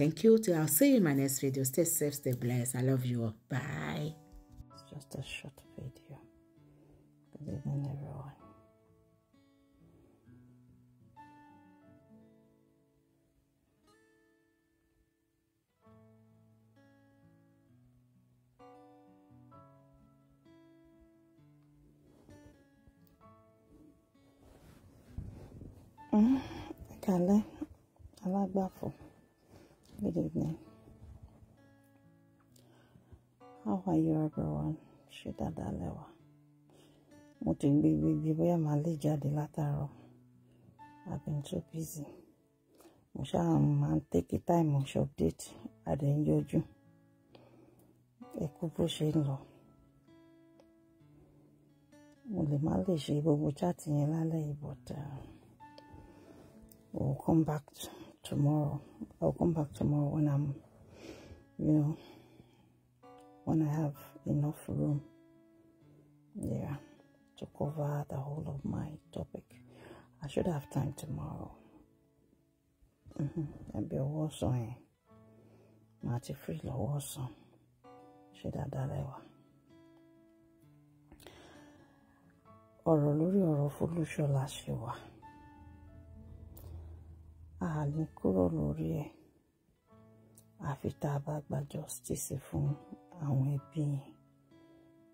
Thank you. Till I'll see you in my next video. Stay safe, stay blessed. I love you all. Bye. It's just a short video. Good evening, everyone. Mm, I can't lie. I like baffle. Good evening. How are you everyone? Ṣé dáadáa lẹ́wà? Mo ti ń gbé gbégbé bóyá màá lè jáde látàárọ̀. I've been too busy. Mo ṣáà máa ń take time to update àdéhùnjọ́jú. Ẹ kú bó ṣe ń lọ. Mo lè má lè ṣe gbogbo chat yẹn lálẹ́ yìí but uh, we'll come back to. tomorrow. I'll come back tomorrow when I'm, you know, when I have enough room, yeah, to cover the whole of my topic. I should have time tomorrow. Mm -hmm. that be awesome, eh? Marty, free law awesome. Should have that ever. ọ̀rọ̀ lórí ọ̀rọ̀ Folúṣọlá ṣe wà. àní kúrò lórí ẹ̀ àfi tá a bá gba justice fún àwọn ẹbí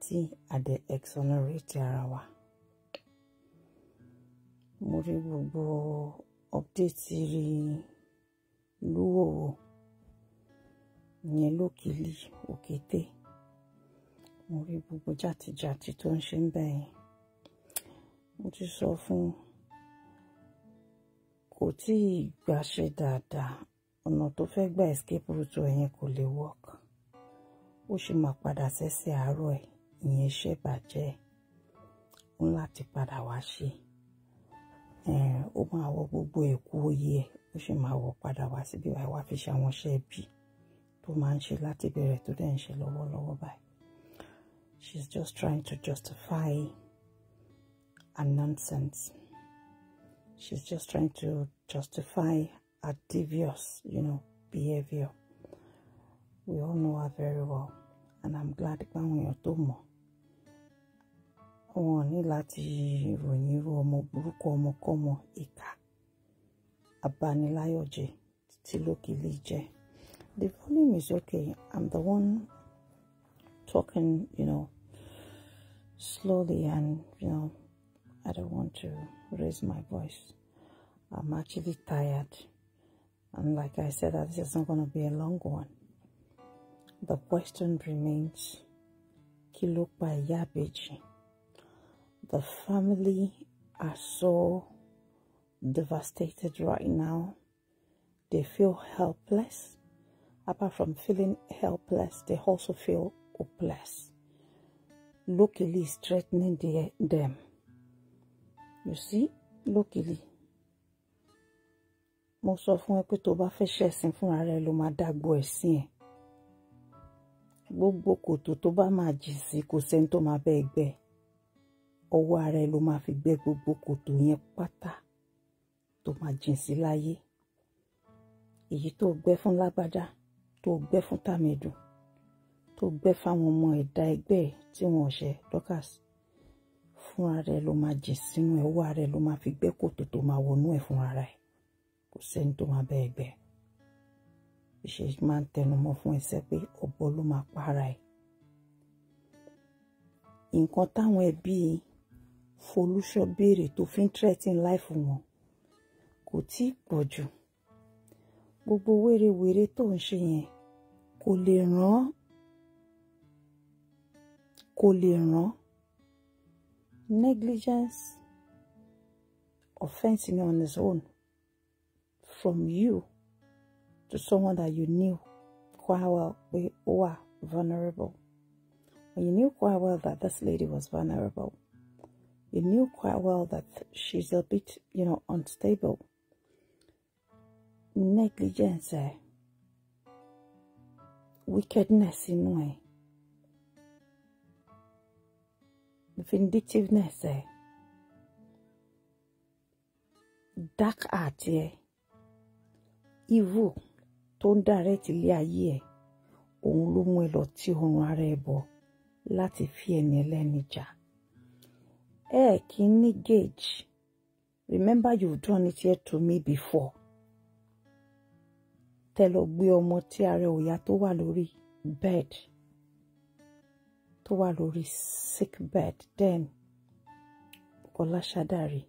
tí àdé exonerate ara wa mo rí gbogbo update rí lúwòwò ìyẹn lókìlì òkété mo rí gbogbo jàtìjàtì tó ń ṣe ń bẹ̀yìn mo ti sọ fún un kò tí ì gbàṣe dáadáa ọ̀nà tó fẹ́ gba escape route ẹ̀yẹn kò lè work ó sì máa padà sẹ́sẹ̀ àárọ̀ ẹ̀ ìyẹn iṣẹ́ bàjẹ́ ń láti padà wá ṣe ó máa wọ gbogbo ẹ̀kú oyè ẹ̀ ó sì máa wọ padà wá síbi wáyé wá fi ṣe àwọn iṣẹ́ bí tó máa ń ṣe láti bẹ̀rẹ̀ tó dẹ̀ ń ṣe lọ́wọ́lọ́wọ́ báyìí she's just trying to justify a nonsense. she's just trying to justify her devious, you know, behavior. We all know her very well, and I'm glad tó mọ̀. ní láti ròyìn The volume is okay. I'm the one talking, you know, slowly and, you know, I don't want to raise my voice. I'm actually tired. And like I said, this is not going to be a long one. The question remains, The family are so devastated right now. They feel helpless. Apart from feeling helpless, they also feel hopeless. Luckily, is threatening the, them. you see lókèlè mo sọ fún ẹ pé tó bá fẹ́ ṣẹ̀sìn fúnra rẹ ló máa dàgbò ẹ̀sìn ẹ̀ gbogbo kòtò tó bá máa jì sí kò sẹ́ni tó máa bẹ́ẹ̀ gbẹ́ ọwọ́ ara ẹ ló máa fi gbẹ́ gbogbo kòtò yẹn pátá tó máa jìn sí láyé èyí tó gbẹ́ fún lágbájá tó gbẹ́ fún tàmẹ̀dùn tó gbẹ́ fáwọn ọmọ ẹ̀dá ẹgbẹ́ tí wọ́n ṣe dọ́kàsí fúnra rẹ ló máa jẹ sínú ẹ ọwọ́ rẹ ló máa fi gbẹ́ kòtò tó máa wọnú ẹ fúnra rẹ kò sẹ́ni tó máa bẹ ẹgbẹ́ ìṣe máa ń tẹnumọ́ fún ẹsẹ̀ pé ọ̀bọ ló máa para ẹ nǹkan táwọn ẹbí folúṣọ béèrè tó fi ń threatening life wọn kò tí ì pọ̀ jù gbogbo wérewère tó ń ṣe yẹn kò lè ràn kò lè ràn negligence or fencing on his own from you to someone that you knew quite well we were vulnerable. When you knew quite well that this lady was vulnerable, you knew quite well that she's a bit, you know, unstable. Negligence, eh? wickedness in way vindictiveness dark art ẹ evil don't ń direct ilé ayé ẹ e. òun ló mú ẹ e lọ tí oorun ara ẹ bọ láti fi ẹni ẹlẹ́ni jà ẹ e kì gauge remember you've done it here to me before Tell lọ gbé ọmọ tí ara ò yá tó wà bed tó wà lórí sickbed then Bùkọ́lá Ṣàdàrí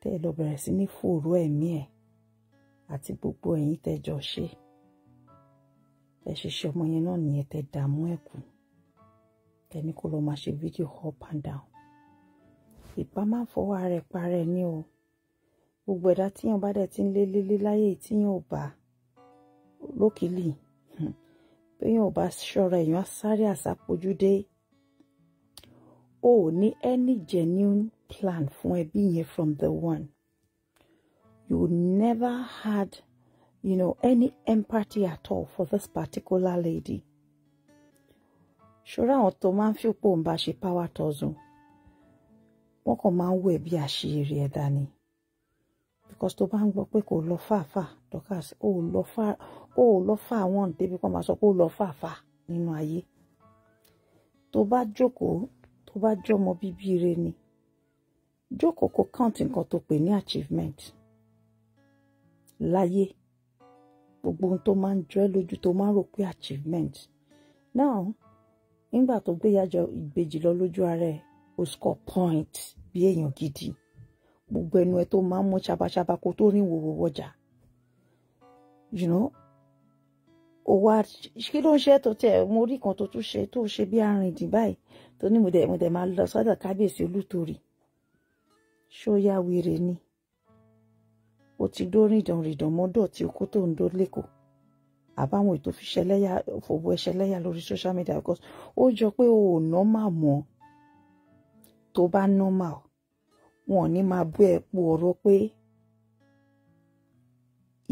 tẹ́ ẹ lọ bẹ̀rẹ̀ sí ní fòòró ẹ̀mí ẹ̀ àti gbogbo ẹ̀yin tẹ́jọ ṣe ẹ ṣiṣẹ́ ọmọ yẹn náà nìyẹn tẹ́ dààmú ẹ̀ kù ẹni kó lọ máa ṣe fídíò up and down ìpá máa ń fọwọ́ ara parẹ́ ní o gbogbo ẹ̀dá tíyàn bá dẹ̀ ti ń lé lélé láyé tíyàn ò bá lókìlì béèyàn ò bá ṣọ́ra èèyàn á sáré àsápojúdé o ní any genuine plan fún ẹbí yẹn from the one you never had you know any empathy at all for this particular lady ṣọ́ra àwọn tó máa ń fipò ń ṣe power tussle wọ́n kàn máa ń wẹ̀ bí àṣírí ẹ̀dá ni because tó bá ń gbọ́ pé kò lọ fàáfà Dorcas ó lọ fà ó lọ fà wọ́n débi kan máa sọ pé ó lọ fàáfà nínú ayé tó bá jókòó tó bá jọmọ bíbí ire ni jókòó kó count nǹkan tó pè ní achievement láyé gbogbo ohun tó máa ń jọ ẹ́ lójú tó máa ń rò pé achievement now nígbà tó gbéyàjọ ìbejì lọ lójú ara ẹ̀ ó score point bí èèyàn gidi gbogbo ẹnu ẹ tó máa ń mọ ṣabaṣaba kó tó rìn wòwò wọjà you know ó wá kí ló ń ṣe tó tẹ mo rí kan tó tún ṣe tó ṣe bí arìndín báyìí tó ní mo dẹ̀ mo dẹ̀ máa lọ sọ́dọ̀ kábíyèsí olútorí ṣóyá wèrè ni ó ti dó rìndàn rìndàn mọ́dọ̀ tí okó tó ń dó lẹ́kọ̀ọ́ àbáwọn ètò fi ṣẹlẹ́yà fòwò ẹṣẹlẹ́yà lórí social media because ó jọ pé o ò nọ́mà mọ́ tó bá nọ́mà o wọn ò ní máa bú ẹ po ọ̀rọ̀ pé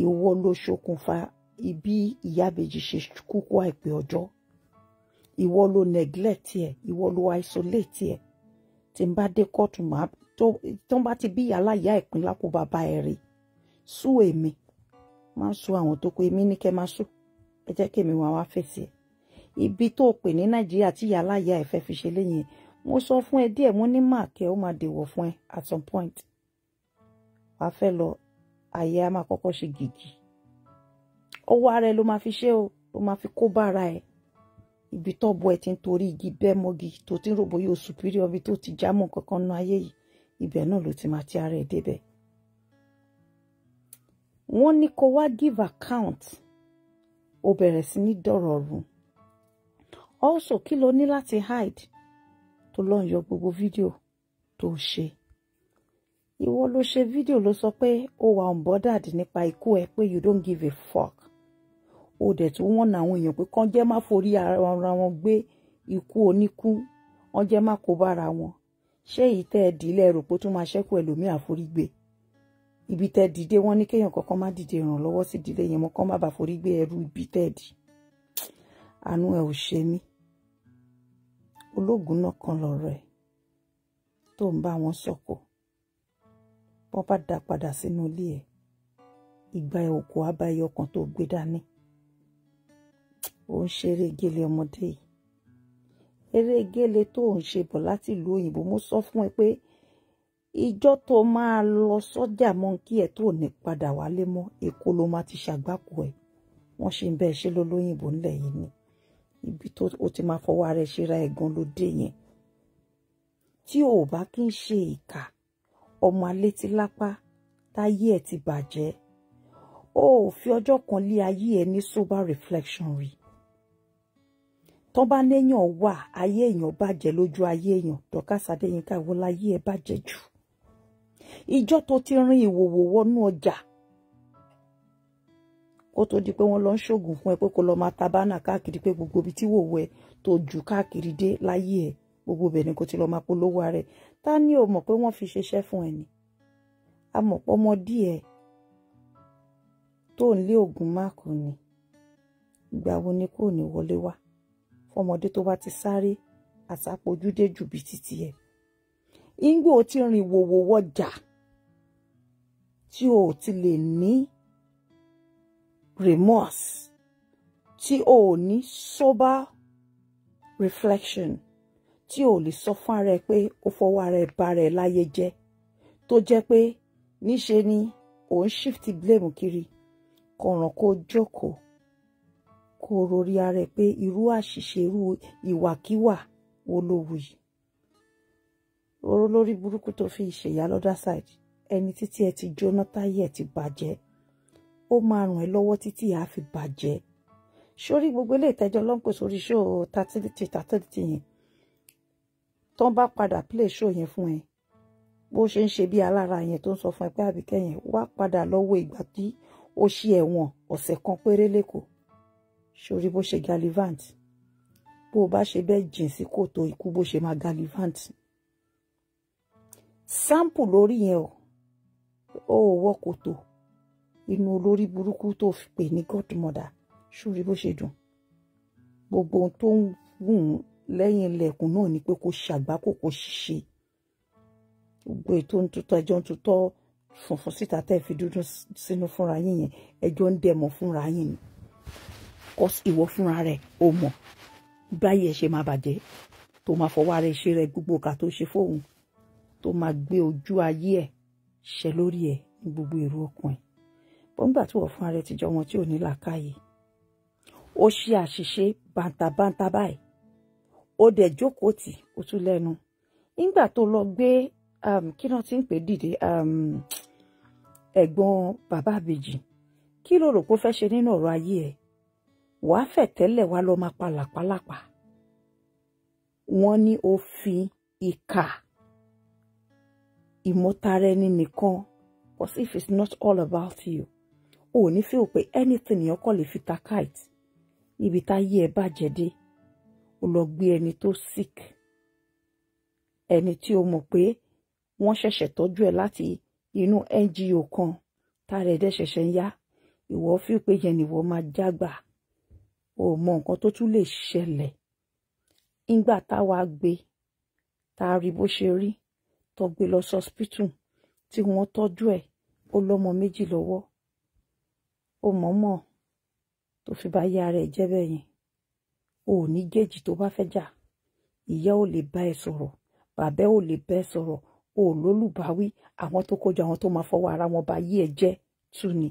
ìwọ ló ṣokùnfà ibi ìyábejì ṣe kúkú àìpé ọjọ́ ìwọ ló neglect ẹ ìwọ ló isolate ẹ tí n bá dé kóòtù máa tó n bá ti bí yàrá ìyá ìpín lápò bàbá ẹ rè sú èmi máa sú àwọn tó kó èmi ní kẹ́ máa sú ẹ jẹ́ kí èmi wọn wá fèsì ẹ ibi tó o pè ní nàìjíríà tí yàrá ìyá ẹ fẹ́ fi ṣe lẹ́yìn mo sọ fún ẹ díẹ̀ mo ní màkẹ́ ó máa dèwọ̀ fún ẹ at some point wà á fẹ́ lọ àyè á máa kọ́kọ́ ṣe gìgì ọwọ́ ara ẹ ló máa fi ṣe o ló máa fi kó bára ẹ ibi tọ́bọ ẹ ti ń torí igi bẹ́ẹ̀ mọ́gi tó ti ń rògbò yóò superior ibi tó ti jámọ́ kankan nu ayé yìí ibẹ̀ náà ló ti máa ti ara ẹ débẹ̀ wọ́n ní kó wá give account ó bẹ̀rẹ̀ sí ní dọ̀rọ̀ rù also kí ló ní láti hide ọlọ́run yọ gbogbo fídíò tó ṣe ìwọ ló ṣe fídíò ló sọ pé ó wà unbothered nípa ikú ẹ pé you don't give a fuck ó dẹ̀ tún wọ́n àwọn èèyàn pé kán jẹ́ má forí ara wọn gbé ikú oníkú wọ́n jẹ́ má kó bára wọn ṣé èyí tẹ́ ẹ dìílẹ̀ rò pé ó tún máa ṣẹ́kù ẹlòmíì àforígbé ibi tẹ́ dìde wọ́n ní kéèyàn kankan má dìde ìrànlọ́wọ́ sí ìdílé yẹn mọ́ kán má bàa forí ẹrú ibi tẹ́ dì àánú ẹ ò ṣe mí ológun náà kan lọ̀rọ̀ ẹ̀ tó ń bá wọn sọ̀kò wọ́n bá dá padà sínú ilé ẹ̀ ìgbà òkú abáyọ kan tó gbé dání ó ń ṣeré gèlè ọmọdé yìí eré gèlè tó ń ṣe bọ̀ láti ìlú òyìnbó mo sọ fún ẹ pé ìjọ́ tó máa lọ sọ́jà mọ́ńkì ẹ̀ tó ní padà wálé mọ́ èkó ló máa ti ṣàgbákò ẹ̀ wọ́n ṣe ń bẹ́ẹ̀ ṣe lólóyìnbó ńlẹ̀ yìí ni ibi tó o ti máa fọwọ́ ara ẹ̀ ṣe ra ẹ̀gan ló dé yẹn tí o ò bá kí ń ṣe ìkà ọmọ alétílápá táyé ẹ̀ ti bàjẹ́ o ò fi ọjọ́ kan lé ayé ẹ̀ ní sober reflection rí tọ́ bá léèyàn wà ayé èèyàn bàjẹ́ lójú ayé èèyàn Dorcas Adéyínká ìwọ láyé ẹ̀ bàjẹ́ jù ìjọ́ tó ti rin ìwòwò wọnú ọjà kó tó di pé wọ́n lọ ń ṣògùn fún ẹ pé kó lọ máa ta bánà káàkiri pé gbogbo ibi tí wò wẹ tó jù káàkiri dé láyé ẹ gbogbo ibẹ̀ ni kò ti lọ máa polówó ara ẹ ta ni o mọ̀ pé wọ́n fi ṣiṣẹ́ fún ẹ ni a mọ̀ pé ọmọ díẹ̀ tó ń lé oògùn máàkù ni ìgbà wo ni kò ní wọlé wá fọmọdé tó bá ti sáré àsápojúdé jù bí títí ẹ ìgbò tí rìn wòwò wọjà tí o ti lè ní remorse tí o ò ní sober reflection tí o ò lè sọ fún ara ẹ pé o fọwọ́ ara ẹ bà ara láyé jẹ́ tó jẹ́ pé níṣe ni ò ń shift blame kiri kọ̀ràn kó jókòó kó rori ara ẹ pé irú àṣìṣe irú ìwàkíwà wo ló wù yìí oró lórí burúkú tó fi ṣèyá lọ́dá side ẹni títí ẹ ti jóná táyé ẹ ti bàjẹ́ ó máa ràn ẹ́ lọ́wọ́ títí àá fi bàjẹ́ sórí gbogbo ilé ìtẹ́jọ́ ló ń pè sórí ṣó tatiliti tatiliti yẹn tó ń bá padà play ṣó yẹn fún ẹ bó ṣe ń ṣe bí alára yẹn tó ń sọ fún ẹ pé àbíkẹ́ yẹn wá padà lọ́wọ́ ìgbà tí ó ṣe ẹ̀wọ̀n ọ̀sẹ̀ kan péré lẹ́kọ̀ọ́ sórí bó ṣe gallivant bó o bá ṣe bẹ́ẹ̀ jìn sí kòtò ikú bó ṣe máa gallivant sample lórí yẹn o ò wọ kòtò inú olórí burúkú tó fi pè ní godmother ṣúrí bó ṣe dùn gbogbo ohun tó ń wù ú lẹ́yìn ilẹ̀kùn náà ni pé kó ṣàgbákò kó ṣe gbogbo ètò ń tutọ́ ẹjọ́ ń tutọ́ funfun síta tẹ́ fi dúdú sínú fúnra yín yẹn ẹjọ́ ń dẹ̀mọ̀ fúnra yín ni ìwọ fúnra rẹ̀ ò mọ̀ báyìí ẹ ṣe máa bàjẹ́ tó máa fọwọ́ ara ṣe rẹ gbogbo ọ̀kà tó ṣe fóun tó máa gbé ojú ayé ẹ̀ ṣẹ lórí ẹ̀ ní gbogbo èrò ọkàn ó ń gbà tí wọ́n fún ara ẹ̀ ti jọ ọmọ tí ò ní làákàyè ó ṣe àṣìṣe bàǹtàbàǹtà báyìí ó dẹ̀ jókòó tì ó tún lẹ́nu nígbà tó lọ gbé um, kí náà ti ń pè dìde um, ẹ̀gbọ́n bàbá àbèjì kí ló rò pé ó fẹ́ ṣe nínú ọ̀rọ̀ ayé ẹ̀ wàá fẹ̀ tẹ́lẹ̀ wá lọ́ọ́ máa palàpalàpà wọ́n ní ó fi ìkà ìmọ̀tara ẹni nìkan because if it's not all about you ò ní fi pé anything ni kọ́ lè fi ta kite níbi tá yí ẹ bàjẹ́ dé ó lọ gbé ẹni tó sick ẹni tí o mọ̀ pé wọ́n ṣẹ̀ṣẹ̀ tọ́jú ẹ láti inú NGO kan tára ẹ̀dẹ́ ṣẹ̀ṣẹ̀ ń yá ìwọ fi pé yẹn nìwọ máa jágbà ò mọ nǹkan tó tún lè ṣẹlẹ̀ ńgbà táwa gbé tá a rí bó ṣe rí tó gbé lọ sọ́spítù tí wọ́n tọ́jú ẹ̀ ó lọ́mọ méjì lọ́wọ́ ó mọ̀ọ́mọ̀ tó fi bá yá rẹ̀ jẹ́ bẹ́ẹ̀ yẹn o ò ní géèjì tó bá fẹ́ jà ìyá ò lè bá ẹ sọ̀rọ̀ bàbá ò lè bá ẹ sọ̀rọ̀ o ò lólùbáwí àwọn tó kójọ àwọn tó máa fọwọ́ ara wọn bá yí ẹ jẹ́ tú ni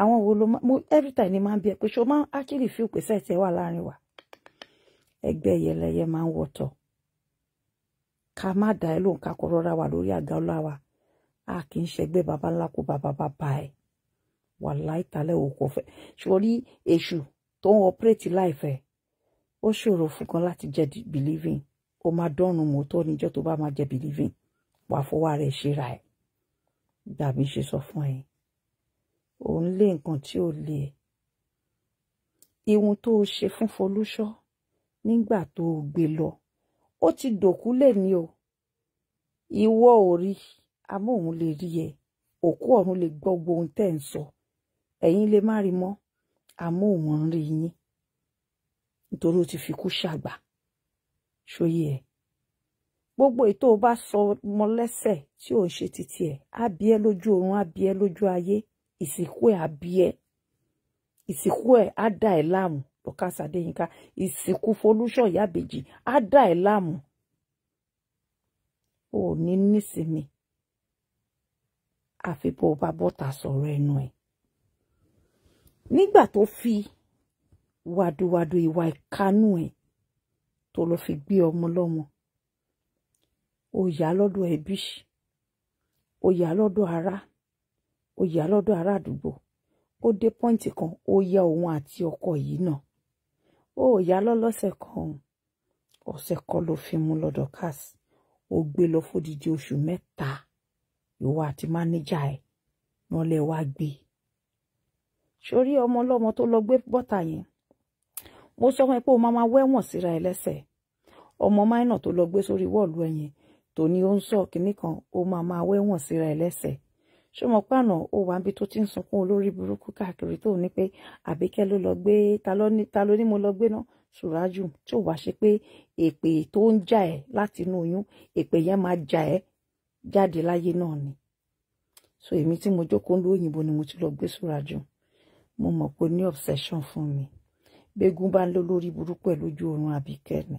àwọn wo ló máa every time ni máa ń bí ẹ pé ṣé o máa actually fi òpèsè ẹ̀ tẹ́ wà láàrin wa ẹgbẹ́ yẹlẹyẹ máa ń wọ̀tọ̀ ká má dá ẹ lóhùn ká kọ́ rọ́ra wà lórí àga ọlá wa a kì í ṣẹgbẹ́ baba ńlá kó baba bàbá ẹ̀ wà láìtàlẹ̀ òkò fẹ́ sórí èṣù tó ń ọpẹ́rẹ́tì láìfẹ́ ó ṣòro fún kan láti jẹ believing ó máa dọ́rùn mọ́tò níjọ́ tó bá máa jẹ believing wàá fọwọ́ rẹ̀ ṣera ẹ̀ gbàbí ṣe sọ fún ẹ òun lé nǹkan tí ó lè ihun tó o ṣe fún Folúṣọ́ nígbà tó o gbé e lọ ó ti dòkúlẹ̀ ni o ìwọ ò rí amóhun lè rí ẹ òkú ọ̀run lè gbọ́ gbogbo ohun tẹ́ ń sọ. So ẹ̀yin lè má rí mọ́ àmọ́ òun ń rí yín nítorí ó ti fi kú ṣàgbà ṣòye ẹ̀ gbogbo ètò bá sọ mọ lẹ́sẹ̀ tí ò ń ṣe títí ẹ̀ á bí ẹ lójú oorun á bí ẹ lójú ayé ìsìnkú ẹ̀ á bí ẹ ìsìnkú ẹ̀ á dà ẹ́ láàmú lọ́ka sàdéyìnká ìsìnkú folúṣọ̀ yábèjì á dà ẹ́ láàmú ò ní nísìmí àfi bó o bá bọ́ta sọ̀rọ̀ ẹnu ẹ̀ nígbà tó fi wàdùwàdù ìwà ìkanú ẹ̀ tó lọ fi gbé ọmọ lọ́mọ ó yà lọ́dọ̀ ẹbí ó yà lọ́dọ̀ ará ó yà lọ́dọ̀ ará àdúgbò ó dé pọ́ǹtì kan ó yá òun àti ọkọ yìí náà ó yà lọ́lọ́sẹ̀ kan ọ̀sẹ̀ kan ló fi mú lọ́dọ̀ cas ó gbé lọ fódìdí oṣù mẹ́ta ìwọ àti mánéjà ẹ̀ wọ́n wá gbé e sórí ọmọ ọlọ́mọ tó lọ gbé bọ́tà yẹn mo sọ fún ẹ pé o máa máa wẹ́wọ̀n síra ẹ lẹ́sẹ̀ ọmọ máìnà tó lọ gbé sórí wọ́ọ̀lù ẹ̀yìn tó ní ó ń sọ kinní kan o máa máa wẹ́wọ̀n síra ẹ lẹ́sẹ̀ ṣé mo pàànà o wà níbi tó ti ń sunkún olórí burúkú káàkiri tó ní pé àbíkẹ́ ló lọ gbé ta ló ní mo lọ gbé náà sùrájù tí ò wá ṣe pé èpè tó ń jà ẹ́ láti inú oyún èpè yẹn máa jà ẹ́ jáde láyé náà ni so èmi tí mo jókòó ń lo òyìnbó ni mo ti lọ gbé sùrájù mo mọ̀ pé ó ní obsession fún mi gbégun bá ń lọ lórí burúkú ẹ̀ lójú oorun àbíkẹ́ ni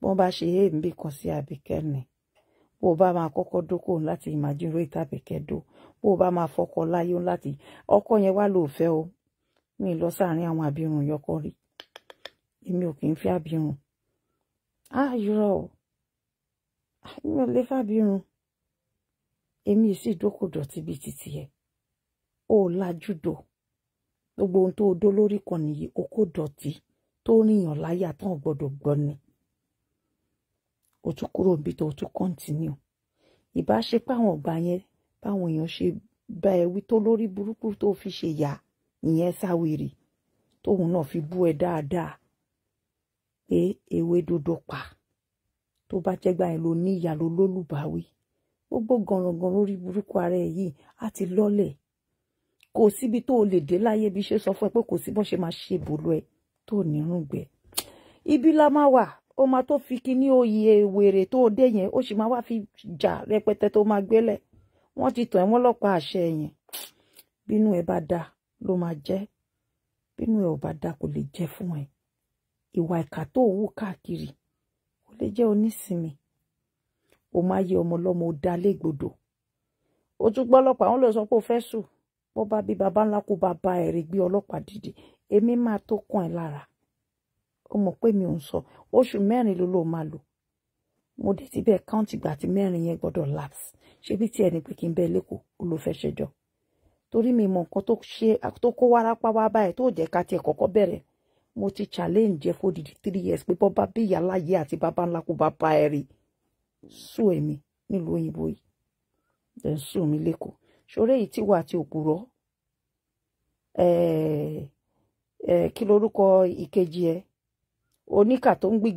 bọ́n bá ṣe èèmbì kan sí àbíkẹ́ ni bó o bá máa kọ́kọ́ dókò láti ìmájúrò ìtàbíkẹ́ dó bó o bá máa fọkọ láyé láti ọkọ yẹn wá lò fẹ́ o mi lọ sáàrin àwọn àbírùn yọkọ rí èmi ò kì í fi àbírùn ààyò mi ò lè fàbírùn èmi sì dókò dọ̀tí bíi títì ẹ̀ ò lajú dò gbogbo ohun tó dó lórí kan nìyí okó dọ̀tí tó ríyàn láyà tán gbọ́dọ̀ gbọ́ ni o tún kúrò níbi tó o tún kọ́ntínú ìbáṣepọ̀ àwọn ọ̀gbà yẹn báwọn èèyàn ṣe bá ẹ wí tó lórí burúkú tó fi ṣe yà ìyẹn sáwèrè tóun náà fi bú ẹ dáadáa pé ewé dodo pa tó bá jẹ́gbà yẹn ló ní ìyá lólùbáwí gbogbo gànràngàn lórí burúkú ara ẹ yìí á ti lọ́lẹ̀ kò síbi tó o lè dé láyé bí ṣe sọ fún ẹ pé kò sí bọ́n ṣe máa ṣe bòlú ẹ tó nírùn gbẹ ibi la máa wà ó máa tó fi kíní oyè wèrè tó dé yẹn ó sì máa wá fi jà rẹpẹtẹ tó máa gbélẹ̀ wọ́n ti tàn ẹ́ wọ́n lọ́pàá àṣẹ yẹn bínú ẹ bá dáa ló máa jẹ́ bínú ẹ ò bá dáa kò lè jẹ́ fún ẹ ìwà ìkà tó wù káàkiri kò lè jẹ́ onísinmi o máa yẹ ọmọ lọ́mọ ó dá légbodò ó tún gbọ́ ọlọ́pàá wọn lè sọ pé o fẹ́ sùn bó bá bí baba ńlá kó bàbá ẹ̀ rè gbé ọlọ́pàá dìde èmi máa tó kàn ẹ́ lára ó mọ̀ pé mi ò ń sọ oṣù mẹ́rin ló ló máa lò mo dé ti bẹ́ẹ̀ káùntì ìgbà tí mẹ́rin yẹn gbọ́dọ̀ lapse ṣebí tí ẹni pé kí n bẹ́ẹ̀ lẹ́kọ̀ọ́ ó ló fẹ́ ṣẹjọ́ torí mi mọ̀ nǹkan tó ṣe tó kó wá báyìí tó jẹ́ ká tiẹ̀ kọ́kọ́ bẹ̀rẹ̀ mo ti challenge jẹ́ fódìdí three years pé bọ́ bá bí ìyá láyé àti bàbá ńlá kó bàbá ẹ̀ rí sùn èmi nílùú òyìnbó yìí then sùn mi lẹ́kọ̀ọ́ ṣoré yìí ti wà àti òpùrọ́ kí lorúkọ ìkejì ẹ oníkà tó ń gbí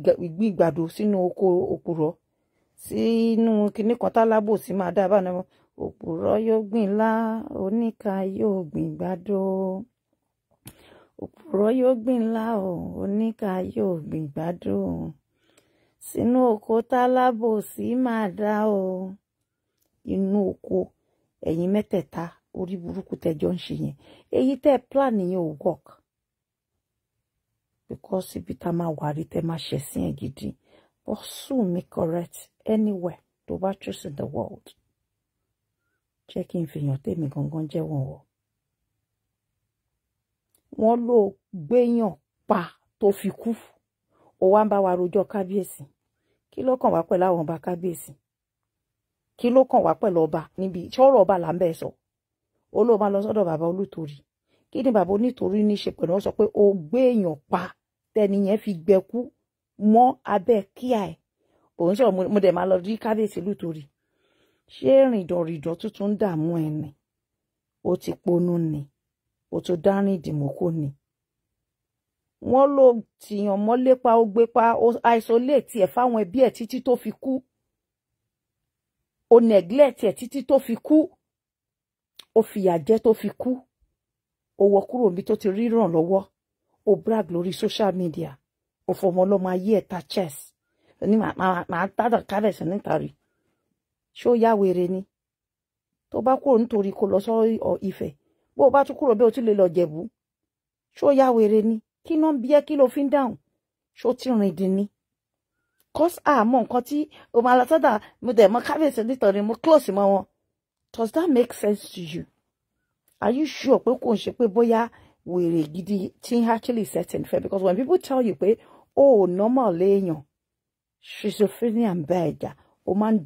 ìgbàdo sínú oko òpùrọ́ sínú kinní kan tálábò sí máa dá abáná òpùrọ́ yóò gbìn lá oníkà yóò gbìn gbàdo òpùrọ́ yóò gbìn lá oníkà yóò gbìn gbàdo sínú oko tálábò sí máa dá o inú oko ẹ̀yin mẹ́tẹ̀ẹ̀ta orí burúkú tẹjọ ń ṣe yẹn èyí tẹ́ ẹ plan yẹn ò work because ibi tá a máa wà rí tẹ́ máa ṣẹ̀ sí ẹ̀ gidi pursue me correct anywhere tó bá choose in the world jẹ́ kí n fìyàn tèmi gangan jẹ́ wọn o wọ́n ló gbéyàn pa tó fi kú ó wá ń bá wa rojọ́ kábíyèsí kí ló wá pẹ̀lú àwọn ọba kábíyèsí kí ló kàn wá pẹ̀lú ọba níbi ṣọ́rọ̀ ọba là ń bẹ̀ sọ olóòbá lọ sọ́dọ̀ bàbá olùtorí kí ni bàbá onítorí ní ṣe pẹ̀lú wọn pé o gbé èèyàn pa tẹni yẹn fi gbẹkú mọ́ abẹ́ kíá ẹ̀ òun sọ̀rọ̀ mo dẹ̀ máa lọ rí kábíyèsí lùtorí ṣé rìndọ̀rìndọ̀ tuntun ń dààmú ẹ ni o ti ponú ni o tó dárìn ìdìmọ́kò ni wọ́n ló tìyàn mọ́lépa ó gbépa isolate ẹ̀ fáwọn ẹbí ẹ̀ títí tó fi kú ó neglect ẹ̀ títí tó fi kú ó fìyà jẹ tó fi kú ó wọ kúrò níbi tó ti rí ìrànlọ́wọ́ ó brag lórí social media ó fọmọ ọlọ́mọ ayé ẹ̀ta chess ní màá tádàn kárẹ̀sì níta rí ṣé ó yá wèrè ni tó bá kúrò nítorí kó lọ sọ Ifẹ̀ bó o bá tún kúrò o tún lè lọ Jẹ̀bú ṣó yá wèrè ni kí náà bí ẹ kí ló fi ń dáhùn ti rìn dín ní cause àmọ́ ah, nǹkan tí o máa lọ sọ́dà mo dẹ̀ mọ kábíyèsí nítorí mo close mọ́ wọn does that make sense to you are you sure pé kò ń ṣe pé bóyá wèrè gidi tí ń actually certain fẹ́ because when people tell you pé o oh, normal léèyàn schizophrenia ń bá ẹ̀jà o máa ń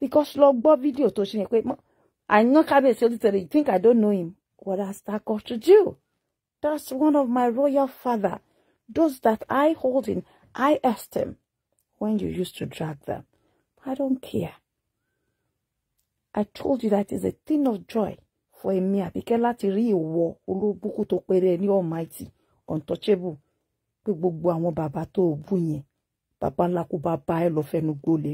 because lọ gbọ́ fídíò tó ṣe ni pé I know kábíyèsí nítorí you think I don't know him what has that got to do that's one of my royal father Does that I hold in I asked him when you used to drag them. I don't care. I told you that is a thing of joy for a mere because láti rí ìwọ olóbùkún tó péré ni almighty untouchable pé gbogbo àwọn bàbá tó o bú yẹn bàbá ńlá kó bá bá ẹ lọ fẹnu gbólé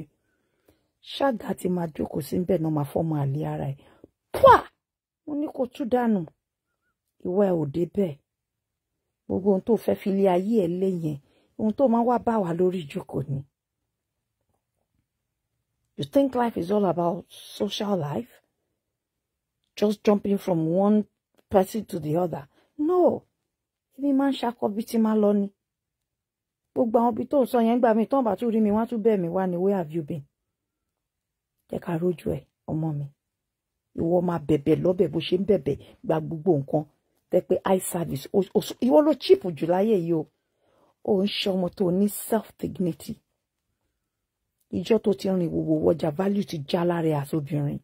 ṣáàgá ti máa jókòó síbẹ̀ náà máa fọ́mọ àlè ara ẹ̀ pọ́à mo ní kó tú dànù ìwọ ẹ ò dé gbogbo ohun tó fẹ́ fi lé ayé ẹ lé yẹn ohun tó máa wa lórí ìjókòó ni. You think life is all about social life? Just jumping from one person to the other? No. Ibi máa ń ṣakọ bíi ti máa lọ ni. Gbogbo àwọn ibi tó ń sọ yẹn gbà mí tán bá tún rí mi wọ́n where have you been? Jẹ́ ká rójú ẹ̀ ọmọ mi. Ìwọ máa bẹ̀bẹ̀ lọ́bẹ̀ bó ṣe ń bẹ̀bẹ̀ gba gbogbo nǹkan. Tẹ́ eye service ìwọ ló chip jù láyé yìí o. Ó ń ṣe ọmọ self dignity ìjọ tó ti rìn wòwò wọjà value ti já lára àtobìnrin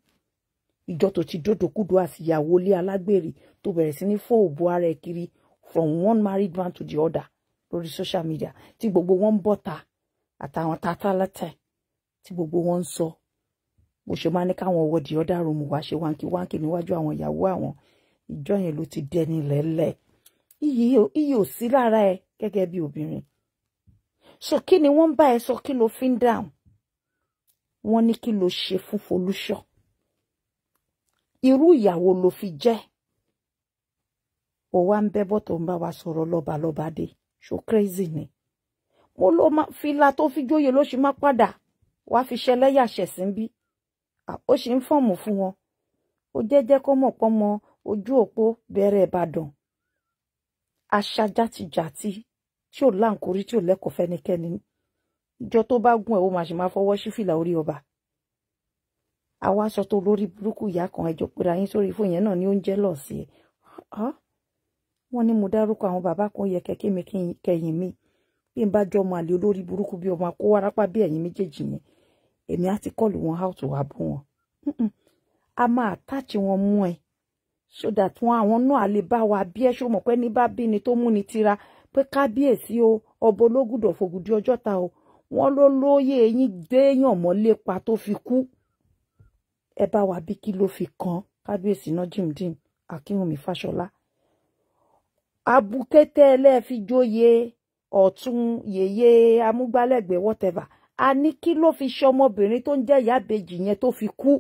ìjọ tó ti dódòkúdò àtìyàwó ilé alágbèrè tó bẹ̀rẹ̀ sí ní fọ́ òbò ara ẹ̀ kiri from one married man to the other lórí social media tí gbogbo wọn ń bọ̀ ta àtàwọn tatálẹ́tẹ̀ tí gbogbo wọn ń sọ mo ṣe máa ní káwọn ọwọ́ the other room wá ṣe wánkì wánkì níwájú àwọn ìyàwó àwọn ìjọ yẹn ló ti dẹni lẹ́lẹ̀ iyì ò sí lára ẹ gẹ́gẹ́ bí obìnrin so kí ni wọ́n bá ẹ sọ kí ló fi ń dáhùn wọ́n ní kí ló ṣe fún Folúṣọ̀ irú ìyàwó ló fi jẹ́ ó ń bẹ́bọ̀ tó ń bá wa sọ̀rọ̀ lọ́ba lọ́ba dé so crazy ni mo ma máa fìlà tó fi jóyè ló ṣe máa padà wá fi ṣẹlẹ́yà ṣẹ̀sìn bí ó ṣe ń fọ̀mù fún wọn ó jẹ́jẹ́ kó mọ̀ pọ́mọ ojú òpó bẹ̀rẹ̀ Ìbàdàn aṣájátijàti tí ò láǹkórí tí ò lẹ́kọ̀ọ́ fẹ́nikẹ́ni ìjọ tó bá gùn ẹ̀ ó máa ṣe máa fọwọ́ sí fìlà orí ọba àwa aṣọ tó lórí burúkú ìyá kan ẹjọ pera yín sórí fún yẹn náà ni ó ń jẹ lọ sí ẹ wọn ní mo dárúkọ àwọn bàbá kan yẹ kẹkẹ mi kẹyìn mi bí n bá jọ ọmọ àlè olórí burúkú bí ọmọ akó warapa bí ẹ̀yin méjèèjì yẹn èmi á ti kọlù wọn how to wá bú wọn a máa àtàchì wọn mú ẹ so that wọn àwọn náà lè bá wa bí ẹ ṣó mọ̀ pé ní bá bí ni tó mú ni tira pé kábíyèsí o ọbọ ológùdọ̀ fògùdí ọjọ́ta o wọ́n ló lóye yín déèyàn mọ́lé pa tó fi kú ẹ bá wa bí kí ló fi kan kábíyèsí náà jimdim akínwùmí fàṣọlá abukẹtẹ ẹlẹẹfi jóye ọ̀tún yèyé amúgbálẹ́gbẹ̀ whatever a ní kí ló fi ṣe ọmọbìnrin tó ń jẹ́ ìyábejì yẹn tó fi kú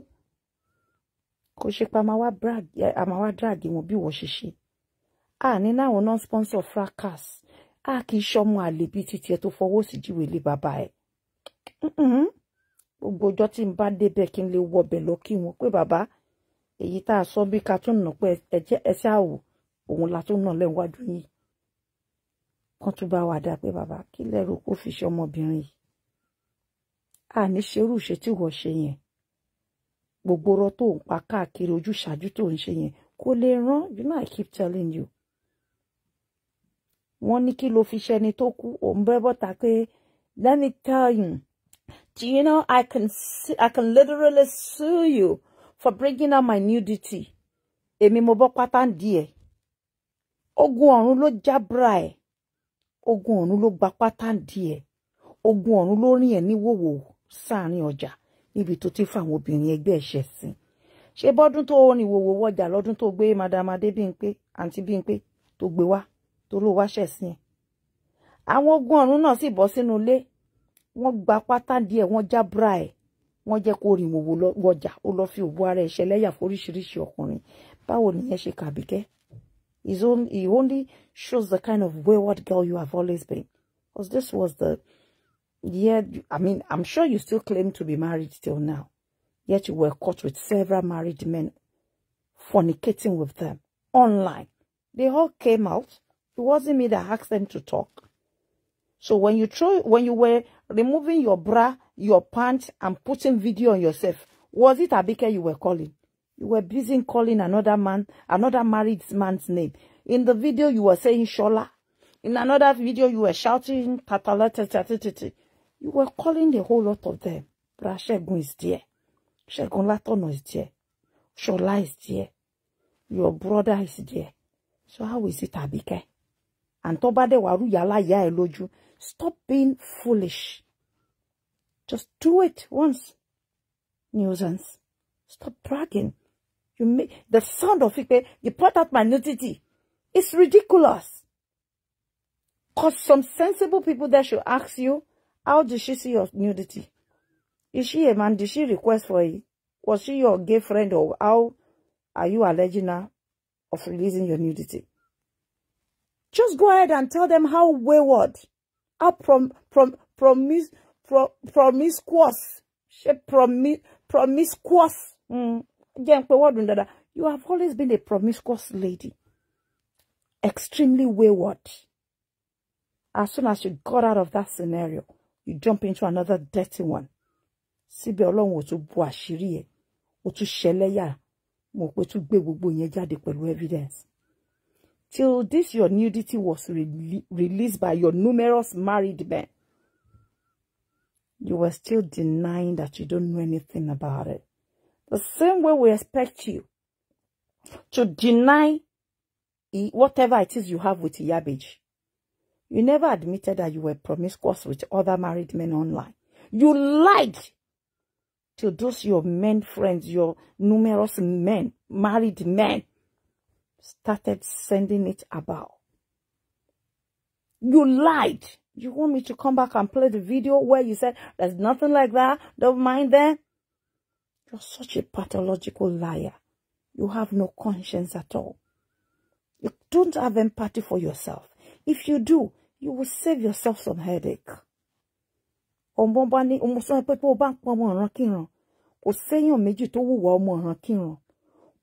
kò ṣe pa àmàwá drag wọn bí wọ́n ṣe ṣe a ní náwọn non-sponsor fracas a kì í ṣọmọ àlè bíi títí ẹ tó fọwọ́ sí jíwèé lé bàbá ẹ gbogbo ọjọ́ tí n bá débẹ̀ kí n lè wọbẹ̀ lọ kí wọn pé bàbá èyí tá a sọ bí ká tún nà pé ẹjẹ ẹsẹ àwò òun la tún nà lẹ́wájú yìí kan tún bá wà dá pé bàbá kí lẹ́rù kó fi ṣe ọmọbìnrin yìí a ní ṣerú ṣe tí wọ́n ṣe yẹn gbogbo ọ̀rọ̀ tó ń pa káàkiri ojúṣàájú tó ń ṣe yẹn kò lè rán you know I keep telling you wọ́n ní kí ló fi ṣẹni tó kú òun bẹ́ bọ́ta pé let me tell you do you know I can see, I can literally sue you for bringing out my nudity èmi mo bọ́ pátá ń di ẹ̀ ogun ọ̀run ló jábra ẹ̀ ogun ọ̀run ló gba pátá ń di ẹ̀ ogun ọ̀run ló rìn ẹ̀ níwòwò sáàrin ọjà níbi tó ti fáwọn obìnrin ẹgbẹ́ ẹ̀ṣẹ̀ sìn ṣé bọ́dún tó rìn wòwò wọjà lọ́dún tó gbé madam adébíyìn pé àǹtí bíyìn pé tó gbé wá tolúwa ṣẹ̀sìn àwọn ogun ọ̀run náà sì bọ́ sínú ilé wọ́n gba pátá díẹ̀ wọ́n já bra ẹ̀ wọ́n jẹ́ kó rìn wòwò wọjà ó lọ́ọ́ fi òbú ara ẹ̀ ṣẹlẹ́yà foríṣiríṣi ọkùnrin báwo nìyẹn ṣe kàbíkẹ́ he only shows the kind of wayward girl you have always been because this was the year I mean I'm sure you still claim to be married till now yet you were caught with several married men fornicating with them online they all came out it wasn't me that asked them to talk. So when you throw, when you were removing your bra, your pants, and putting video on yourself, was it Abike you were calling? You were busy calling another man, another married man's name. In the video, you were saying Shola. In another video, you were shouting Tatalata. You were calling the whole lot of them. Bra Shegun is there. Shegun Latono is there. Shola is there. Your brother is there. So how is it Abike? and tó bá dé wàá rú lójú stop being foolish just do it once nuisance stop bragging you make the sound of it you put out my nudity it's ridiculous cause some sensible people there should ask you how did she see your nudity is she a man did she request for it was she your gay friend or how are you alleging her of releasing your nudity Just go ahead and tell them how wayward, how prom, prom, promis, prom, promiscuous, promis, promiscuous. Mm. You have always been a promiscuous lady. Extremely wayward. As soon as you got out of that scenario, you jump into another dirty one. síbẹ̀ ọlọ́run ò tún bu àṣírí ẹ̀ ó tún ṣẹlẹ́yà mo pé tún gbé gbogbo yẹn jáde pẹ̀lú evidence till this your nudity was re released by your numerous married men, you were still denying that you don't know anything about it. The same way we expect you to deny whatever it is you have with Yabage. You never admitted that you were promiscuous with other married men online. You lied to those your men friends, your numerous men, married men started sending it about. You lied. You want me to come back and play the video where you said there's nothing like that? Don't mind that. You're such a pathological liar. You have no conscience at all. You don't have empathy for yourself. If you do, you will save yourself some headache. ọmọ ọmọ sọ pé bá pọn kíran kò méjì tó ọmọ kíran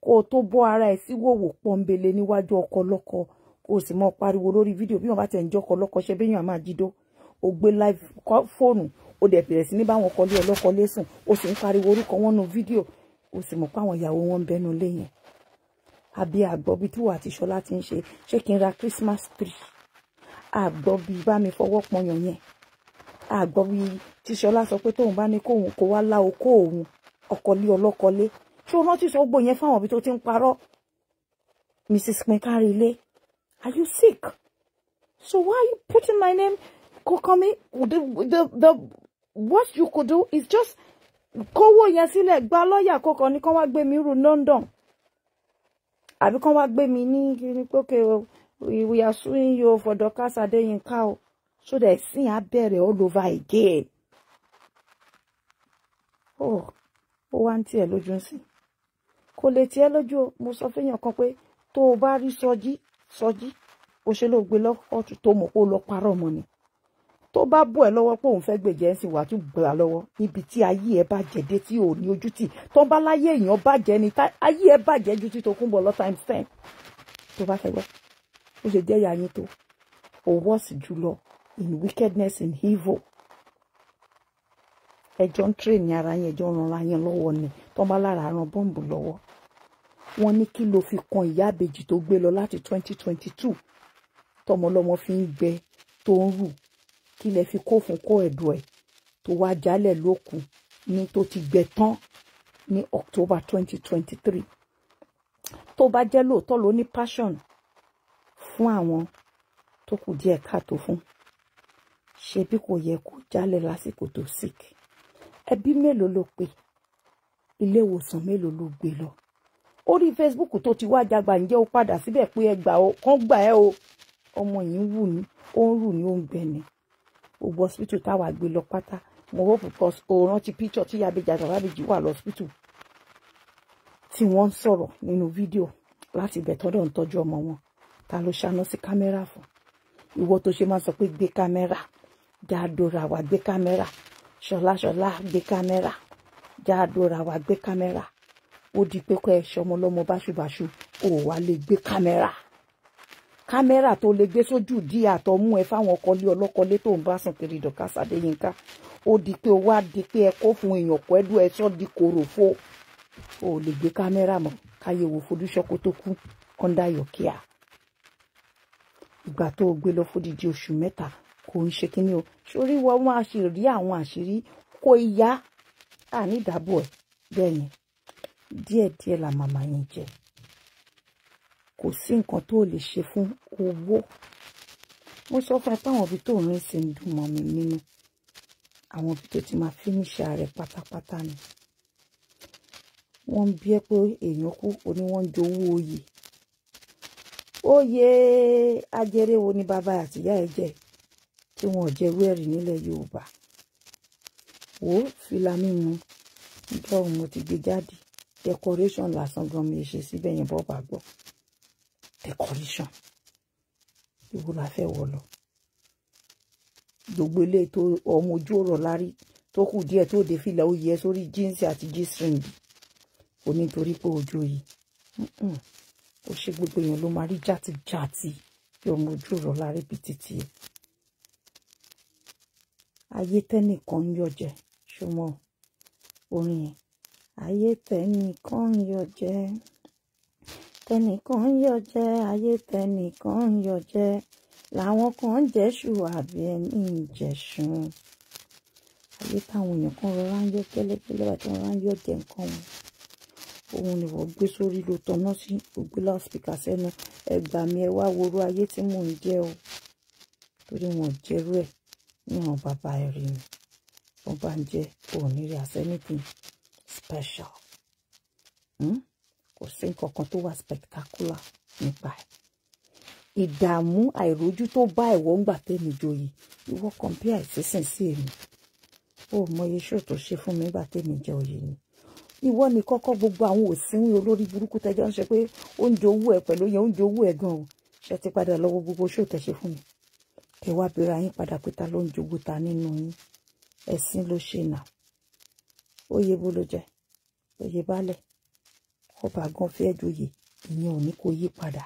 kó o tó bọ́ ara ẹ̀ sí wòwò pọ́nbélé níwájú ọkọ lọ́kọ kó o sì mọ pariwo lórí fídíò bí wọ́n bá tẹ̀ ń jọ́ ọkọ lọ́kọ ṣe béèyàn máa jídó o gbé live fóònù o dẹ̀ bẹ̀rẹ̀ sí ní báwọn kọ́lé ọlọ́kọ lẹ́sùn o sì ń pariwo orúkọ wọn nu fídíò o sì mọ̀ pé àwọn ìyàwó wọn ń bẹnu lé yẹn àbí àgbọ̀bí tí wà àti ṣọlá ti ń ṣe ṣé kí n ra Christmas tree àgbọ̀bí bá mi fọwọ́ pọnyàn yẹn àgbọ̀bí tí ṣọlá sọ pé tóun bá ní kóun kó wá lá okó òun ọkọlé ọlọ́kọlé ṣé rántí sọ gbogbo yẹn fáwọn òbí tó ti ń parọ́ mrs pinkarile are you sick so why are you putting my name kokomi the the the what you could do is just kówó yẹn sílẹ̀ gba lọ́ọ̀yà kọkàn ní kán wá gbé mi rú London àbí kán wá gbé mi ní kíni pókè we are suing you for Dorcas Adéyínká o so that sin á bẹ̀rẹ̀ all over again. Oh, wá ń tiẹ̀ lójú sí kò lè tiẹ́ lójú o mo sọ fẹ́yàn kan pé tó o bá rí sọjí sọjí o ṣe ló gbé tó mọ̀ pé o lọ parọ́ ọmọ ni tó bá bọ̀ ẹ́ lọ́wọ́ pé òun fẹ́ gbèjẹ́ ẹ̀ sì wà tún gbà lọ́wọ́ ibi tí ayé ẹ bàjẹ́ dé tí ò ní ojú tì tó ń bá láyé èèyàn bàjẹ́ ni ayé ẹ bàjẹ́ ju tí Tókunbọ̀ lọ times ten tó bá fẹ́ gbọ́ ó ṣe jẹ́ yín tó o worse jùlọ in wickedness in evil ẹjọ́ ń train ara yín ẹjọ́ ń ran ara yín lọ́wọ́ ni tó ń bá lára ran bọ́ǹbù lọ́wọ́ wọ́n ní kí ló fi kan ìyá tó gbé lọ láti 2022 tọmọlọmọ fi ń gbẹ tó ń rù kí lẹ fi kó fún kó ẹ̀dọ̀ ẹ̀ tó wá jálẹ̀ lókù ní tó ti gbẹ tán ní October 2023 tó bá jẹ́ lóòótọ́ ló ní passion fún àwọn tó kù díẹ̀ káàtó fún ṣebí kò yẹ kó jálẹ̀ lásìkò tó sick ẹbí mélòó ló pè ilé ìwòsàn mélòó ló gbé lọ orí Facebook tó ti wá jagba ǹjẹ́ ó padà síbẹ̀ pé ẹ gbà ó kán gbà ẹ́ o ọmọ yìí ń wù ní ó ń rù ní ó ń gbẹ ni gbogbo hospital táwa gbé lọ pátá mo hope because o rántí picture tí yabeja tàbábejì wà lọ hospital tí wọ́n ń sọ̀rọ̀ nínú fídíò láti ibẹ̀ tọ́dọ̀ ń tọ́jú ọmọ wọn ta ló ṣáná sí kámẹ́rà fún ìwọ tó ṣe máa sọ pé gbé kámẹ́rà jáàdóra wà gbé kámẹ́rà ṣọlá ṣọlá gbé kámẹ́rà jáàdóra wà gbé kámẹ́rà ó di pé kọ́ ẹ ṣọmọ lọ́mọ báṣubàṣu ò wá lè gbé kámẹ́rà kámẹ́rà tó lè gbé sójú di àtọ̀mú ẹ fáwọn ọkọlé ọlọ́kọlé tó ń bá sùn kiri Dorcas Adéyínká ó di pé ó wá di pé ẹ kó fún èèyàn kọ́ ẹdú ẹ sọ́ di kòròfo ò lè gbé kámẹ́rà mọ́ káyé wò Fodúṣọ́kọ tó kú under your ìgbà tó o gbé lọ fódìdí oṣù mẹ́ta kò ń ṣe kínní o sórí wọn máa ṣe àwọn àṣírí kó ìyá ànídàbọ̀ ẹ̀ bẹ́ẹ̀ yẹn díẹ̀díẹ̀ la màmá yín jẹ kò sí nǹkan tó lè ṣe fún owó mo sọ fún ẹ pé àwọn ibi tó ń rìn sí ń dùn mọ́ mi nínú àwọn ibi tó ti máa fínísà rẹ̀ pátápátá ni wọ́n ń bí ẹ pé èèyàn kú oní wọ́n ń jowó oyè oyè ajẹrẹ wo ni bàbá àtìyá ẹ jẹ tí wọn jẹ wẹrì nílẹ̀ Yorùbá wò fìlà mímu nítorí mo ti gbé jáde decoration lásán gan mi ṣe síbẹ̀ yẹn bọ́ bá gbọ́ decoration ìwo la fẹ́ wọ̀ lọ gbogbo ilé tó ọmọ ojú ọ̀rọ̀ lárí tó kù díẹ̀ tó dé fìlà ó yẹ sórí jíǹsì àti g-string kò ní torí pé ojú yìí kò ṣe gbogbo èèyàn ló máa rí játijàti bí ọmọ ojú ọ̀rọ̀ lárí bíi títì ẹ̀ ayé tẹ́nìkan ń yọ̀jẹ̀ orin yẹn ayé tẹnìkan ń yọ jẹ tẹnìkan ń yọ jẹ ayé tẹnìkan ń yọ jẹ làwọn kan ń jẹṣù àbí ẹni ń jẹṣùn ayé táwọn èèyàn kan rọra ń yọ kẹ́lẹ́kẹ́lẹ́ wà tí wọn rọra ń yọ jẹ nǹkan wọn òun ni wọn gbé sórí ló tọná sí gbogbo láòsìpìkà sẹ́nu ẹgbà mi ẹ wá worú ayé tí mò ń jẹ o torí wọn jẹrú ẹ ní bàbá ẹ rí mi wọn bá ń jẹ òun ní rí àsẹnìkìn special hmm? kò sí nǹkan kan tó wà spectacular nípa ẹ̀ ìdààmú àìrójú tó bá ìwọ ń gbà tẹ́mi joyè ìwọ compare ìsísìn sí èmi ó mọye ṣó tó ṣe fún mi gbà tẹ́mi jẹ oyè ni ìwọ ni kọ́kọ́ gbogbo àwọn òsínwìn olórí burúkú tẹjọ ń ṣe pé oúnjẹ owó ẹ pẹ̀lú yẹn oúnjẹ owó ẹ gan o ṣe ti padà lọ́wọ́ gbogbo ṣó tẹ ṣe fún mi ẹ wá bẹ̀rẹ̀ ayín padà pé ta ló ta nínú yín ẹ̀sìn ló ṣe nà ó yẹ bó ló jẹ́ oyè baálẹ̀ ọba gan fẹ́ joyè ìyẹn ò ní kó yí padà